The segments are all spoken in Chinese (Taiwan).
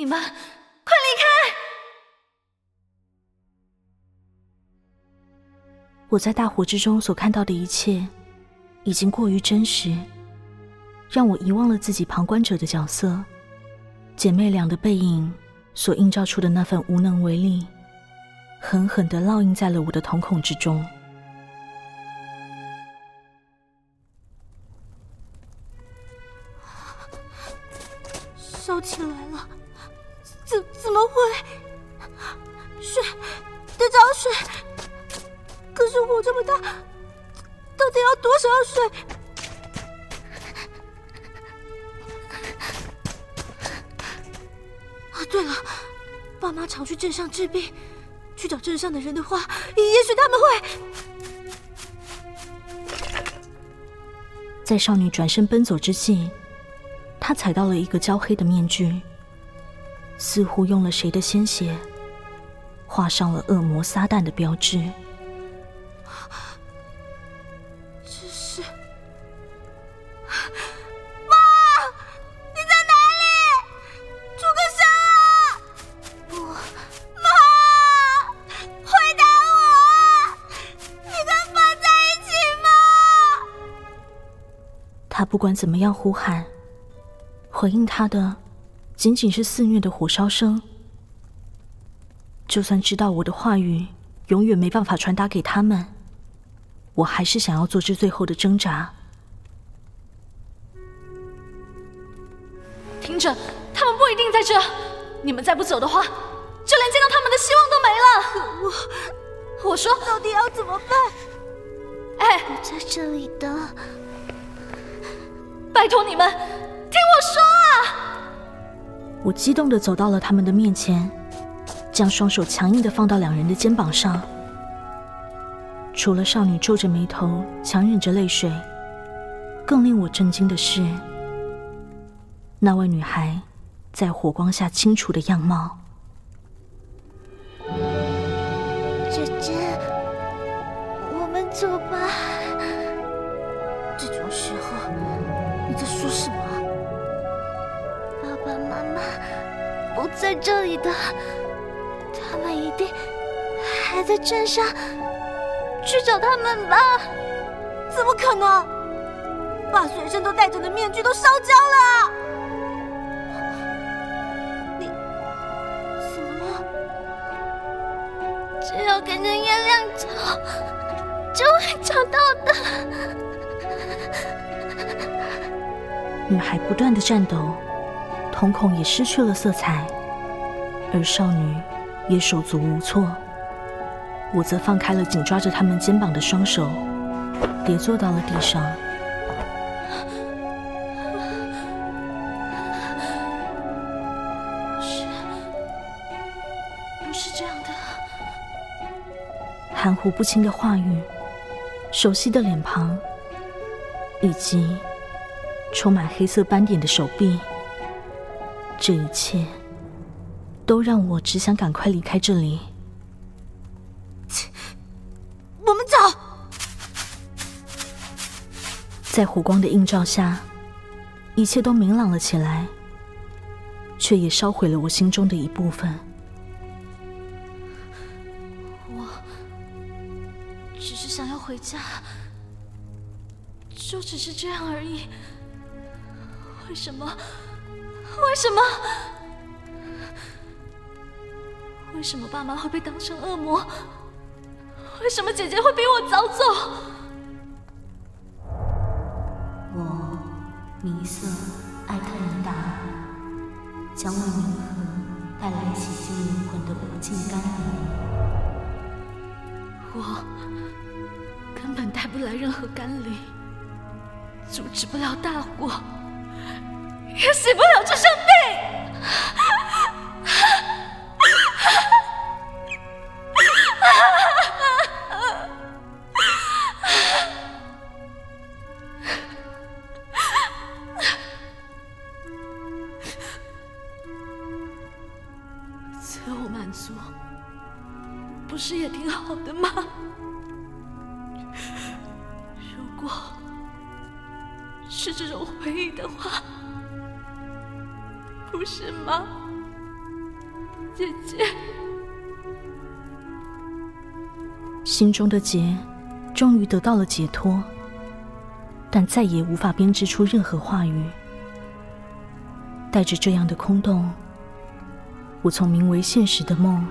你們快離開！我在大火之中所看到的一切，已經過於真實，讓我遺忘了自己旁觀者的角色。姐妹倆的背影所映照出的那份無能為力，狠狠的烙印在了我的瞳孔之中。燒起來了！怎，怎麼會？水，得找水，可是火這麼大，到底要多少水？啊，對了，爸媽常去鎮上治病，去找鎮上的人的話，也許他們會。在少女轉身奔走之際，她踩到了一個焦黑的面具。似乎用了誰的鮮血，畫上了惡魔撒旦的標誌。這是。媽！你在哪裡？出個聲！不，媽，回答我！你跟爸在一起嗎？她不管怎麼樣呼喊，回應她的。僅僅是肆虐的火燒聲。就算知道我的話語永遠沒辦法傳達給他們，我還是想要做這最後的掙扎。聽着，他們不一定在這。你們再不走的話，就連見到他們的希望都沒了。我我說，到底要怎麼辦？哎，我在這裡等。拜托你們，聽我說。我激動的走到了他們的面前，將雙手強硬的放到兩人的肩膀上。除了少女皺着眉頭，強忍着淚水，更令我震驚的是，那位女孩在火光下清楚的樣貌。姐姐，我們走吧。他們不在這裡的，他們一定還在鎮上。去找他們吧！怎麼可能？把隨身都帶着的面具都燒焦了！你怎麼了？只要跟着月亮走，就會找到的。女孩不斷的顫抖。瞳孔也失去了色彩，而少女也手足無措。我則放開了緊抓着他們肩膀的雙手，跌坐到了地上。是，不是這樣的。含糊不清的話語，熟悉的臉龐，以及充滿黑色斑點的手臂。這一切，都讓我只想趕快離開這裡。我們走。在火光的映照下，一切都明朗了起來，卻也燒毀了我心中的一部分。我只是想要回家，就只是這樣而已。為什麼？為什麼？為什麼爸媽會被當成惡魔？為什麼姐姐會比我早走？我，瀰瑟．艾特尼妲，將為冥河帶來洗淨靈魂的無盡甘霖。我根本帶不來任何甘霖，阻止不了大火。也洗不了這身。不是嗎，姐姐？心中的結終於得到了解脫，但再也無法編織出任何話語。帶着這樣的空洞，我從名為現實的夢，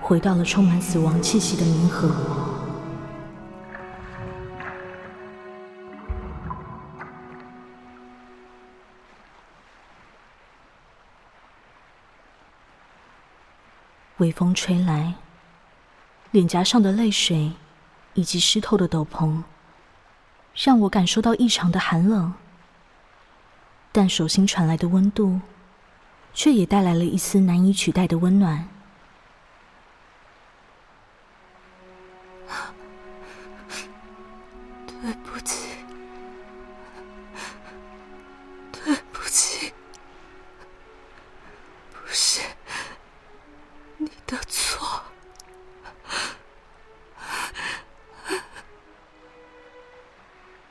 回到了充滿死亡氣息的冥河。微風吹來，臉頰上的淚水以及濕透的斗篷，讓我感受到異常的寒冷。但手心傳來的溫度，卻也帶來了一絲難以取代的溫暖。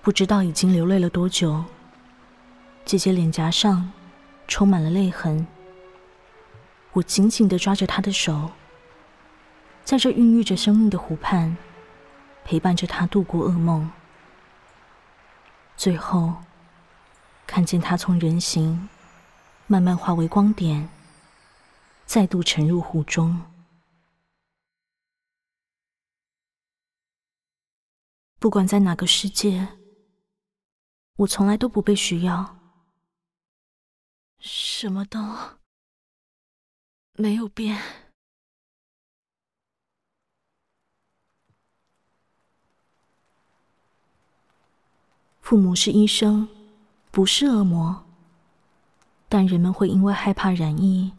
不知道已經流淚了多久，姐姐臉頰上充滿了淚痕。我緊緊地抓着她的手，在這孕育着生命的湖畔，陪伴着她度過噩夢。最後，看見她從人形慢慢化為光點，再度沉入湖中。不管在哪個世界，我從來都不被需要，什麼都沒有變。父母是醫生，不是惡魔，但人們會因為害怕染疫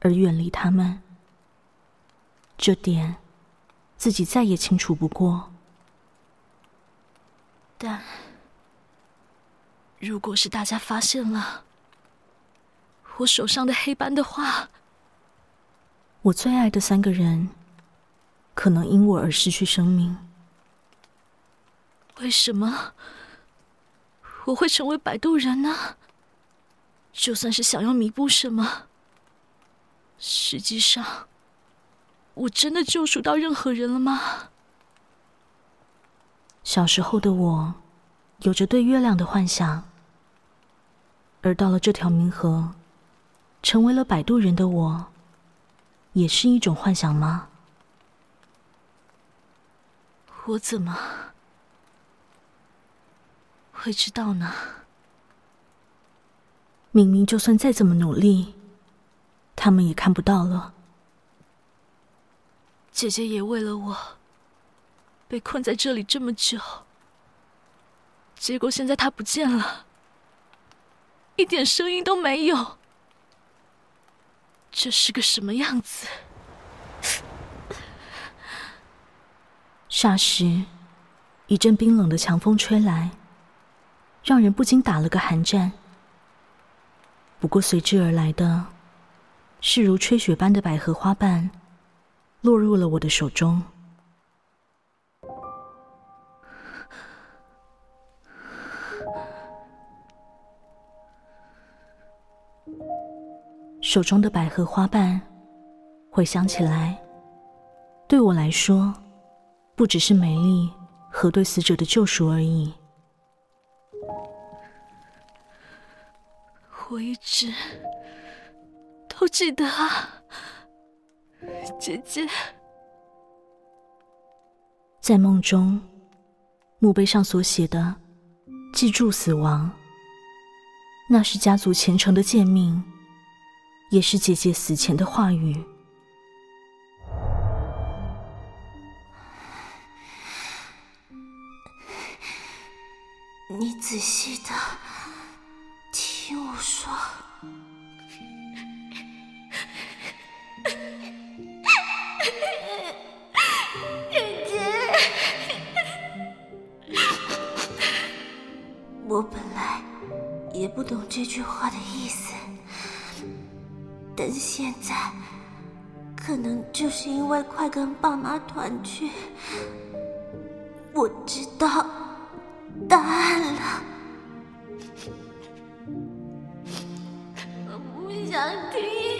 而遠離他們。這點自己再也清楚不過，但。如果是大家發現了我手上的黑斑的話，我最愛的三個人可能因我而失去生命。為什麼我會成為擺渡人呢？就算是想要彌補什麼，實際上我真的救贖到任何人了嗎？小時候的我，有着對月亮的幻想。而到了這條冥河，成為了擺渡人的我，也是一種幻想嗎？我怎麼會知道呢？明明就算再怎麼努力，他們也看不到了。姐姐也為了我被困在這裡這麼久，結果現在她不見了。一點聲音都沒有，這是個什麼樣子？霎時，一陣冰冷的強風吹來，讓人不禁打了個寒顫。不過隨之而來的，是如吹雪般的百合花瓣，落入了我的手中。手中的百合花瓣，回想起來，對我來說，不只是美麗和對死者的救贖而已。我一直都記得啊，姐姐。在夢中，墓碑上所寫的“記住死亡”，那是家族虔誠的誡命。也是姐姐死前的話語。你仔細的聽我說，姐姐，我本來也不懂這句話的意思。但現在，可能就是因為快跟爸媽團聚，我知道答案了。我不想聽。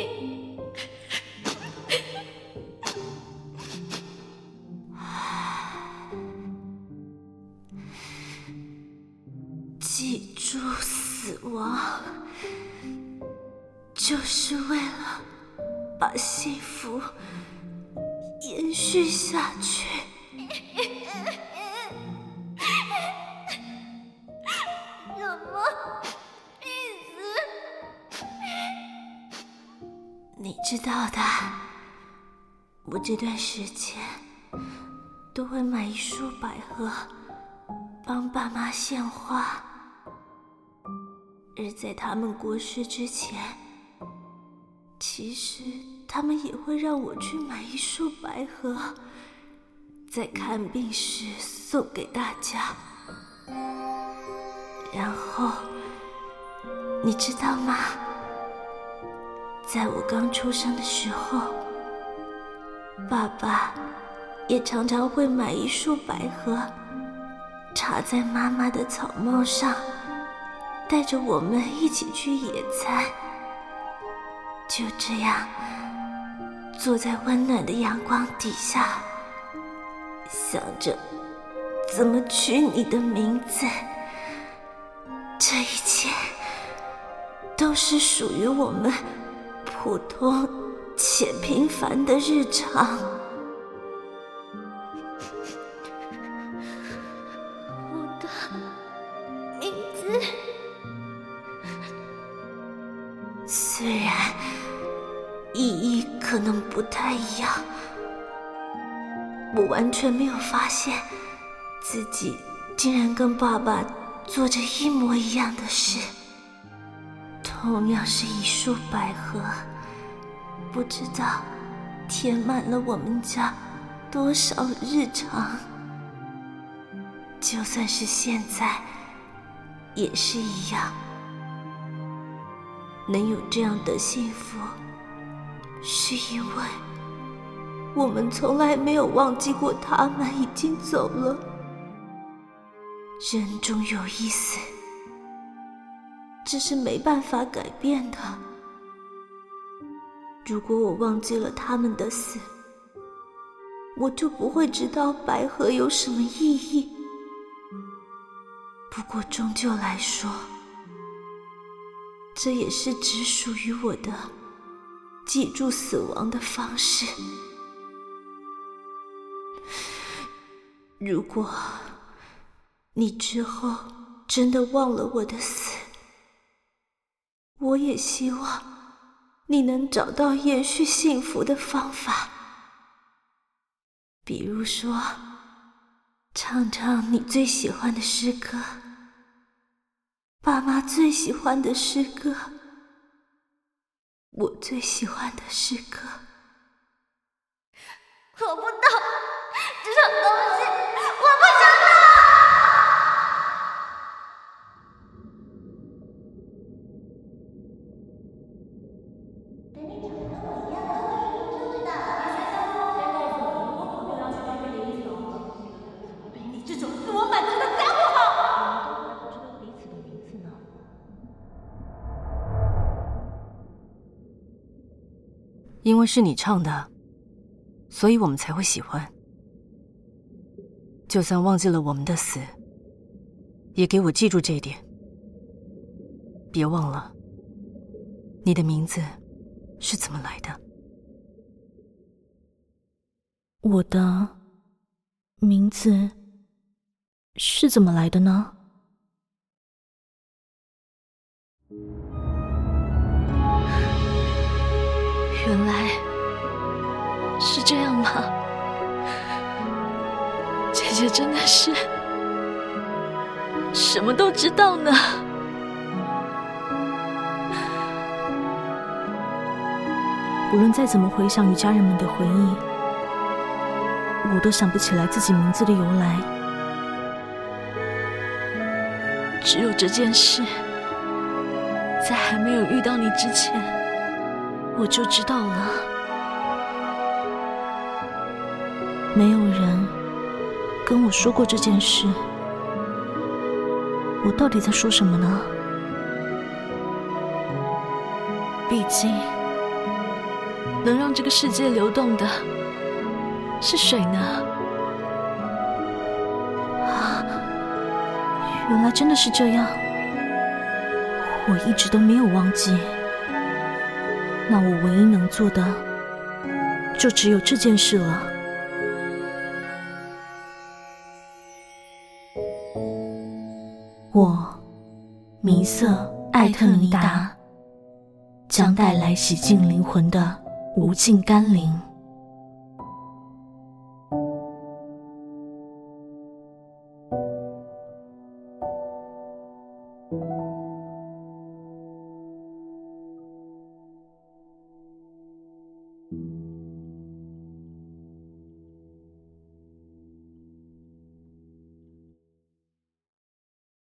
下去？怎麼，你知道的，我這段時間都會買一束百合，幫爸媽獻花。而在他們過世之前，其實他們也會讓我去買一束百合。在看病時送給大家。然後，你知道嗎？在我剛出生的時候，爸爸也常常會買一束百合，插在媽媽的草帽上，帶着我們一起去野餐。就這樣，坐在溫暖的陽光底下。想着怎麼取你的名字，這一切都是屬於我們普通且平凡的日常。我完全沒有發現自己竟然跟爸爸做着一模一樣的事，同樣是一束百合，不知道填滿了我們家多少日常。就算是現在，也是一樣。能有這樣的幸福，是因為。我們從來沒有忘記過，他們已經走了。人終有一死，這是沒辦法改變的。如果我忘記了他們的死，我就不會知道百合有什麼意義。不過，終究來說，這也是只屬於我的記住死亡的方式。如果你之後真的忘了我的死，我也希望你能找到延續幸福的方法，比如說唱唱你最喜歡的詩歌，爸媽最喜歡的詩歌，我最喜歡的詩歌，我不懂。這種東西我不想聽。我，不因為是你唱的，所以我們才會喜歡。就算忘記了我們的死，也給我記住這一點。別忘了，你的名字是怎麼來的？我的名字是怎麼來的呢？原來是這樣嗎？姐姐真的是什麼都知道呢。無論再怎麼回想與家人們的回憶，我都想不起來自己名字的由來。只有這件事，在還沒有遇到你之前，我就知道了。沒有人。跟我說過這件事，我到底在說什麼呢？畢竟能讓這個世界流動的是誰呢？啊，原來真的是這樣，我一直都沒有忘記。那我唯一能做的，就只有這件事了。瀰瑟．艾特尼妲，將帶來洗淨靈魂的無盡甘霖。